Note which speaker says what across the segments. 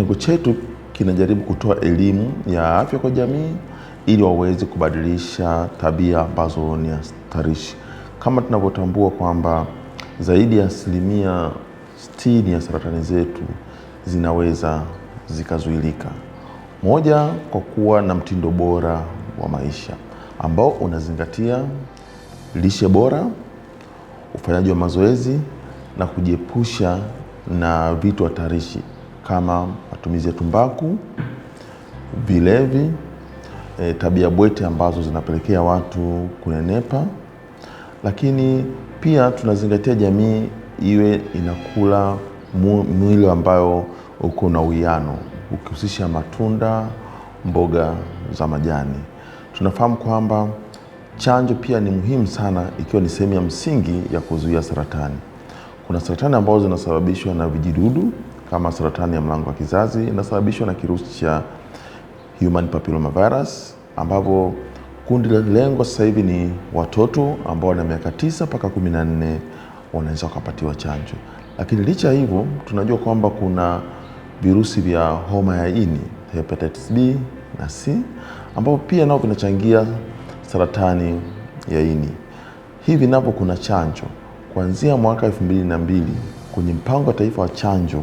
Speaker 1: Kitengo chetu kinajaribu kutoa elimu ya afya kwa jamii ili waweze kubadilisha tabia ambazo ni hatarishi. Kama tunavyotambua kwamba zaidi ya asilimia sitini ya saratani zetu zinaweza zikazuilika, moja, kwa kuwa na mtindo bora wa maisha ambao unazingatia lishe bora, ufanyaji wa mazoezi na kujiepusha na vitu hatarishi kama matumizi ya tumbaku, vilevi, e, tabia bwete ambazo zinapelekea watu kunenepa, lakini pia tunazingatia jamii iwe inakula mwili ambayo uko na uwiano ukihusisha matunda, mboga za majani. Tunafahamu kwamba chanjo pia ni muhimu sana, ikiwa ni sehemu ya msingi ya kuzuia saratani. Kuna saratani ambazo zinasababishwa na vijidudu kama saratani ya mlango wa kizazi inasababishwa na kirusi cha human papilloma virus, ambapo kundi lengo sasa hivi ni watoto ambao wana miaka tisa mpaka kumi na nne wanaweza wakapatiwa chanjo. Lakini licha ya hivyo, tunajua kwamba kuna virusi vya homa ya ini hepatitis B na C ambapo pia nao vinachangia saratani ya ini. Hivi napo kuna chanjo kuanzia mwaka elfu mbili na mbili kwenye mpango wa taifa wa chanjo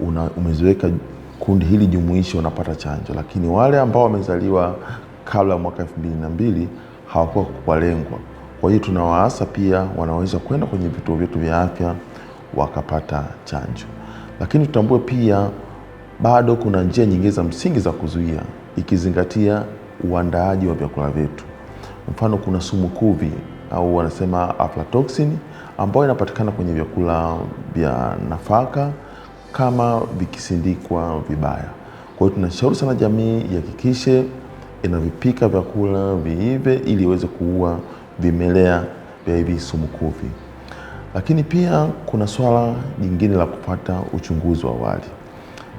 Speaker 1: una, umeziweka kundi hili jumuishi wanapata chanjo, lakini wale ambao wamezaliwa kabla ya mwaka elfu mbili na mbili hawakuwa walengwa. Kwa hiyo tunawaasa pia wanaweza kwenda kwenye vituo vyetu vya afya wakapata chanjo, lakini tutambue pia bado kuna njia nyingine za msingi za kuzuia ikizingatia uandaaji wa vyakula vyetu. Mfano, kuna sumu kuvi au wanasema aflatoxin ambayo inapatikana kwenye vyakula vya nafaka kama vikisindikwa vibaya. Kwa hiyo tunashauri sana jamii ihakikishe inavipika vyakula viive ili iweze kuua vimelea vya hivi sumukuvi. Lakini pia kuna swala jingine la kupata uchunguzi wa awali.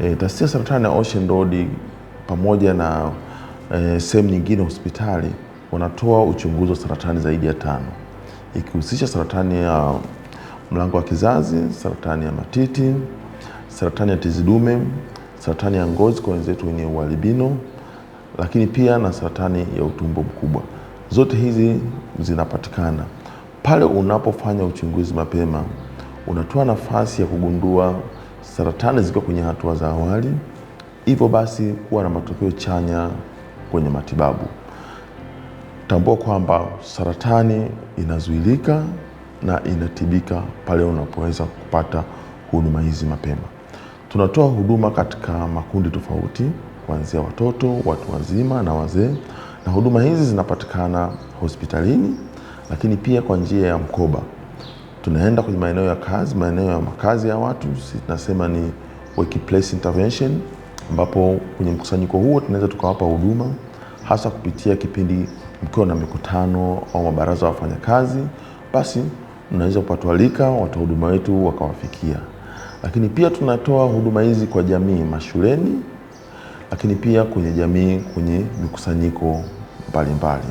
Speaker 1: E, taasisi ya saratani ya Ocean Road pamoja na e, sehemu nyingine hospitali wanatoa uchunguzi wa saratani zaidi ya tano ikihusisha saratani ya mlango wa kizazi, saratani ya matiti saratani ya tezi dume, saratani ya ngozi kwa wenzetu wenye ualbino, lakini pia na saratani ya utumbo mkubwa. Zote hizi zinapatikana pale unapofanya uchunguzi mapema, unatoa nafasi ya kugundua saratani zikiwa kwenye hatua za awali, hivyo basi kuwa na matokeo chanya kwenye matibabu. Tambua kwamba saratani inazuilika na inatibika pale unapoweza kupata huduma hizi mapema. Tunatoa huduma katika makundi tofauti kuanzia watoto, watu wazima na wazee, na huduma hizi zinapatikana hospitalini, lakini pia kwa njia ya mkoba. Tunaenda kwenye maeneo ya kazi, maeneo ya makazi ya watu, tunasema ni workplace intervention, ambapo kwenye mkusanyiko huo tunaweza tukawapa huduma hasa kupitia kipindi mkiwa na mikutano au mabaraza ya wafanyakazi, basi unaweza kupatualika watoa huduma wetu wakawafikia. Lakini pia tunatoa huduma hizi kwa jamii mashuleni, lakini pia kwenye jamii kwenye mikusanyiko mbalimbali.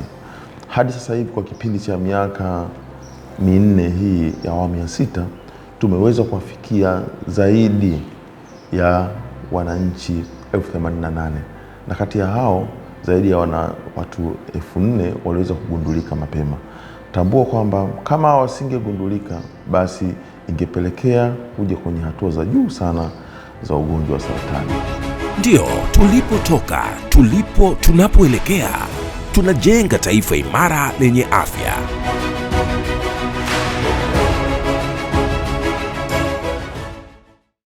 Speaker 1: Hadi sasa hivi kwa kipindi cha miaka minne hii ya awamu ya sita tumeweza kuwafikia zaidi ya wananchi elfu themanini na nane na kati ya hao zaidi ya wana watu elfu nne waliweza kugundulika mapema. Tambua kwamba kama wasingegundulika basi ingepelekea kuja kwenye hatua za juu sana za ugonjwa wa saratani. Ndio tulipotoka, tulipo, tunapoelekea, tunajenga taifa imara lenye afya.